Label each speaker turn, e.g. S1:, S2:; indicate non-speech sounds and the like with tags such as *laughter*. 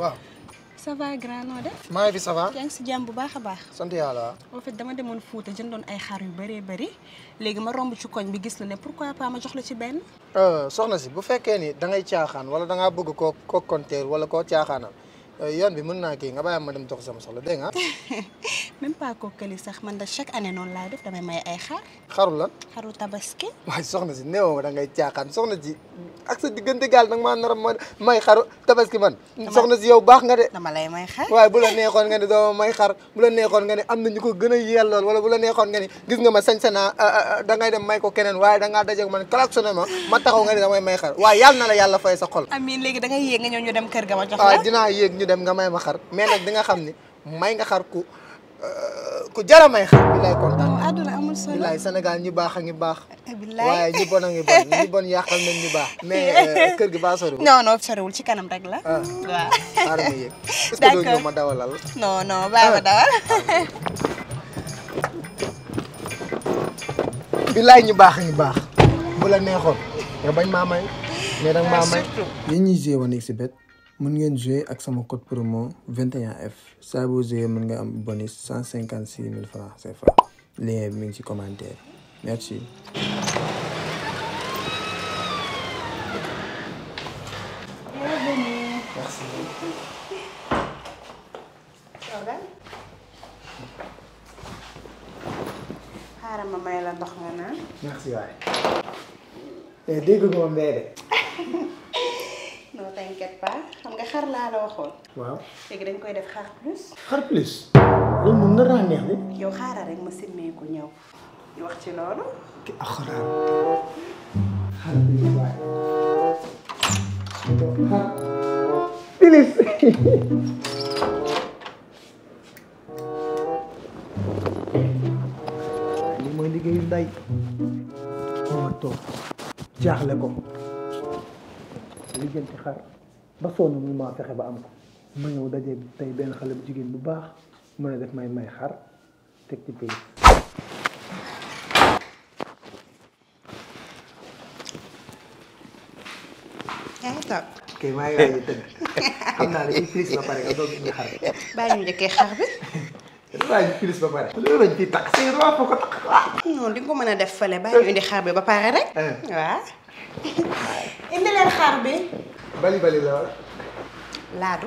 S1: waaw ça va grand noo def maa ngi fi ça va yaa ngi si jàmm bu baax a baax sant yàlla en fait dama demoon Fuuta jëndoon ay xar yu bëree bëri léegi ma romb ci koñ bi gis la ne pourquoi pas ma jox la ci benn euh, soxna si bu fekkee ni da ngay caaxaan wala da ngaa bëgg koo koo konteer wala koo caaxaanal euh, yoon bi mën naa kii nga bàyyi ma dem dox sama soxla dégg nga *laughs* même pas kookali sax man da chaque année noonu laay def damay may ay xar xaru lan xaru tabaski waaye soxna si néew da ngay caaxaan soxna si ak sa diggante gaal nag maa nar a may xaru tabaski man soxna si yow baax nga de dama waaye bu la neexoon nga ne doo may xar bu la neexoon nga ne am na ñu ko gën a yellool wala bu la neexoon nga ne gis nga ma sañ-sañ naa ah, ah, ah, da ngay dem may ko keneen waaye da ngaa dajeeg man klaxonné ma ma taxaw nga ne damay may xar waaye yàlla na la yàlla fay sa xol amiin léegi da ngay yéeg nga ñëw ñu dem kër ga ma jox la waaw dinaa yéeg nga may ma xar mais nag nga xam ne may nga xar ku euh, ku jara may xar bi lay kontaan àdduna amul Bilay bilaay Sénégal ñu baax a ngi baax. bilaay waaye ñu bon a ngi bon ñu bon yàqal nañ ñu baax. mais kër gi baa soriwul. non non soriwul ci kanam rek la. ma dawalal. non non ma dawal. bilaay ñu baax a ngi bu la neexoon nga bañ maa may. mais nag maa may yéen ñiy joué woon si bet mën ngeen jouer ak sama code promo 21F saa boo jouer mën nga am bonus 156 000 francs CFA lien bi mi ngi ci commentaire merci. xaaral ma may la ndox nga naan. merci waay. Eh, dégg nga moom day de. non t'inquiète xam nga xar laa la waxoon. waaw léegi dañ koy def xar plus. xar plus. loolu moom nar naa neex de. yow xaaral rek ma simmeeku ñëw di wax ci loolu. ki axaraan. xaaral bi ñu waay. Lilis. lii mooy liggéeyu nday. moo toog jaaxle ko. liggéenti xar ba sonn mu maa fexe ba am ko ma ñëw daje tey benn xale bu jigéen bu baax. mu ne def may may xar teg ci pays kay maa ngi a tëdd *laughs* xar bi. bàyyi ñu njëkkee xar bi. *laughs* waaw ñu kilis mën a def fële bàyyi ñu xar bi ba pare rek. Eh. waaw. *laughs* indi xar bi. bali la wala. laadu.